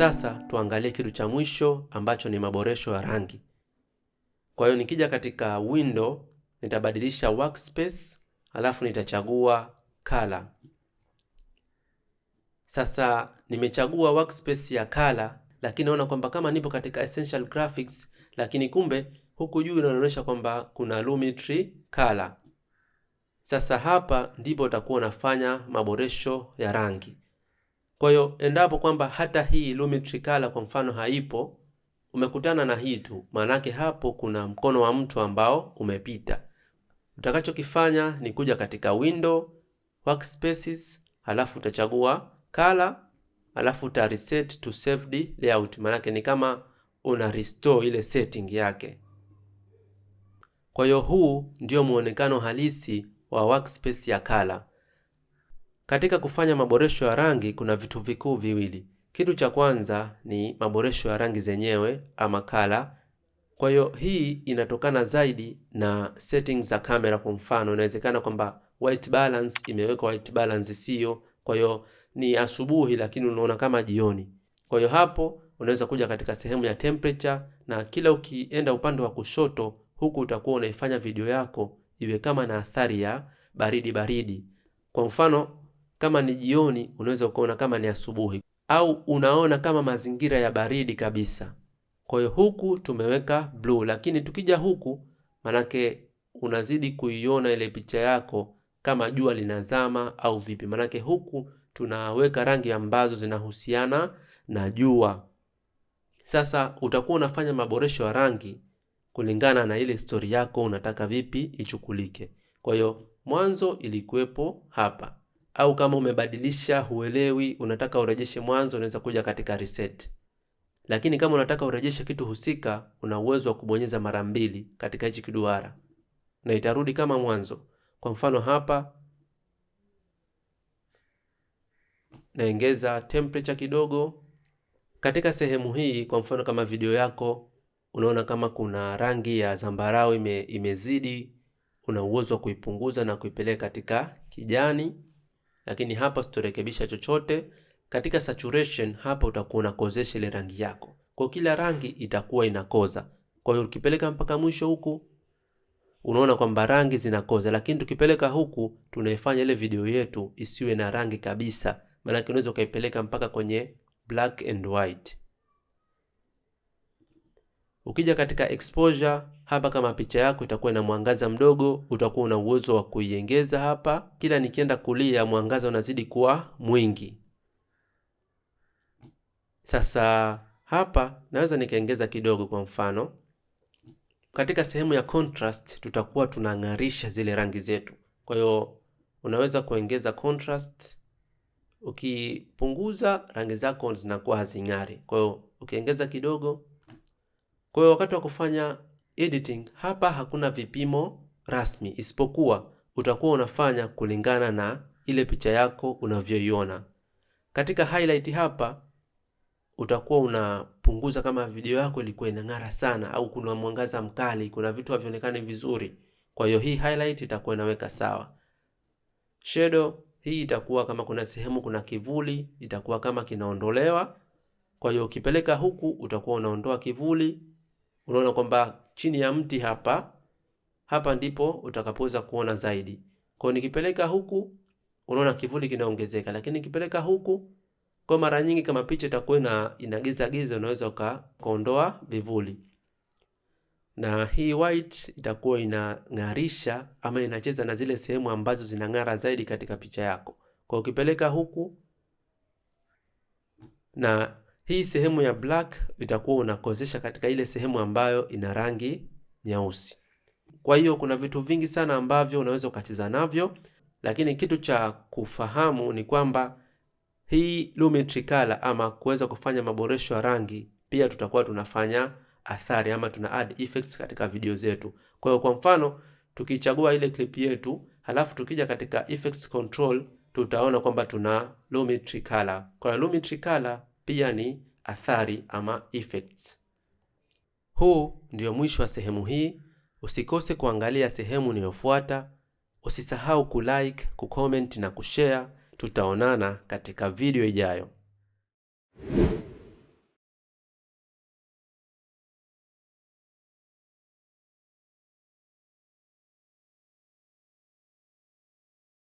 Sasa tuangalie kitu cha mwisho ambacho ni maboresho ya rangi. Kwa hiyo nikija katika window nitabadilisha workspace, alafu nitachagua color. Sasa nimechagua workspace ya color, lakini naona kwamba kama nipo katika essential graphics, lakini kumbe huku juu inaonyesha kwamba kuna Lumetri color. Sasa hapa ndipo utakuwa unafanya maboresho ya rangi. Kwa hiyo endapo kwamba hata hii Lumetricala kwa mfano haipo, umekutana na hii tu, maanake hapo kuna mkono wa mtu ambao umepita. Utakachokifanya ni kuja katika window workspaces, halafu utachagua color, halafu uta reset to saved layout, maanake ni kama una restore ile setting yake. Kwa hiyo huu ndio muonekano halisi wa workspace ya color. Katika kufanya maboresho ya rangi kuna vitu vikuu viwili. Kitu cha kwanza ni maboresho ya rangi zenyewe ama kala. Kwa hiyo hii inatokana zaidi na settings za kamera. Kwa mfano, inawezekana kwamba white balance imewekwa white balance sio, kwa hiyo ni asubuhi lakini unaona kama jioni. Kwa hiyo hapo unaweza kuja katika sehemu ya temperature, na kila ukienda upande wa kushoto huku utakuwa unaifanya video yako iwe kama na athari ya baridi baridi. Kwa mfano kama ni jioni, unaweza ukaona kama ni asubuhi, au unaona kama mazingira ya baridi kabisa. Kwa hiyo huku tumeweka blue, lakini tukija huku, manake unazidi kuiona ile picha yako kama jua linazama au vipi, manake huku tunaweka rangi ambazo zinahusiana na jua. Sasa utakuwa unafanya maboresho ya rangi kulingana na ile stori yako, unataka vipi ichukulike. Kwa hiyo mwanzo ilikuwepo hapa, au kama umebadilisha, huelewi, unataka urejeshe mwanzo, unaweza kuja katika reset. Lakini kama unataka urejeshe kitu husika, una uwezo wa kubonyeza mara mbili katika hichi kiduara na itarudi kama mwanzo. Kwa mfano hapa naongeza temperature kidogo katika sehemu hii. Kwa mfano kama video yako unaona kama kuna rangi ya zambarau ime, imezidi, una uwezo wa kuipunguza na kuipeleka katika kijani lakini hapa sitorekebisha chochote. Katika saturation hapa utakuwa unakozesha ile rangi yako, kwa kila rangi itakuwa inakoza. Kwa hiyo ukipeleka mpaka mwisho huku unaona kwamba rangi zinakoza, lakini tukipeleka huku tunaifanya ile video yetu isiwe na rangi kabisa, maanake unaweza ukaipeleka mpaka kwenye black and white. Ukija katika exposure hapa, kama picha yako itakuwa na mwangaza mdogo, utakuwa una uwezo wa kuiongeza hapa. Kila nikienda kulia, mwangaza unazidi kuwa mwingi. Sasa hapa naweza nikaongeza kidogo, kwa mfano katika sehemu ya contrast tutakuwa tunang'arisha zile rangi zetu. Kwa hiyo unaweza kuongeza contrast, ukipunguza rangi zako zinakuwa hazing'ari. Kwa hiyo ukiongeza kidogo kwa hiyo wakati wa kufanya editing hapa hakuna vipimo rasmi, isipokuwa utakuwa unafanya kulingana na ile picha yako unavyoiona. Katika highlight hapa utakuwa unapunguza kama video yako ilikuwa inang'ara sana au kuna mwangaza mkali, kuna vitu havionekani vizuri. Kwa hiyo hii highlight itakuwa inaweka sawa. Shadow hii itakuwa kama kuna sehemu kuna kivuli itakuwa kama kinaondolewa. Kwa hiyo ukipeleka huku utakuwa unaondoa kivuli unaona kwamba chini ya mti hapa hapa ndipo utakapoweza kuona zaidi. Kwa hiyo nikipeleka huku, unaona kivuli kinaongezeka, lakini nikipeleka huku, kwa mara nyingi kama picha itakuwa ina inagiza giza, unaweza ukaondoa vivuli, na hii white itakuwa inang'arisha ama inacheza na zile sehemu ambazo zinang'ara zaidi katika picha yako. Kwa ukipeleka huku na hii sehemu ya black itakuwa unakozesha katika ile sehemu ambayo ina rangi nyeusi. Kwa hiyo kuna vitu vingi sana ambavyo unaweza ukacheza navyo, lakini kitu cha kufahamu ni kwamba hii Lumetri Color ama kuweza kufanya maboresho ya rangi pia tutakuwa tunafanya athari ama tuna add effects katika video zetu. Kwa hiyo kwa mfano tukichagua ile clip yetu halafu tukija katika effects control tutaona kwamba tuna Lumetri Color. Kwa hiyo Lumetri Color pia ni athari ama effects. Huu ndio mwisho wa sehemu hii. Usikose kuangalia sehemu inayofuata. Usisahau kulike, kucomment na kushare. Tutaonana katika video ijayo.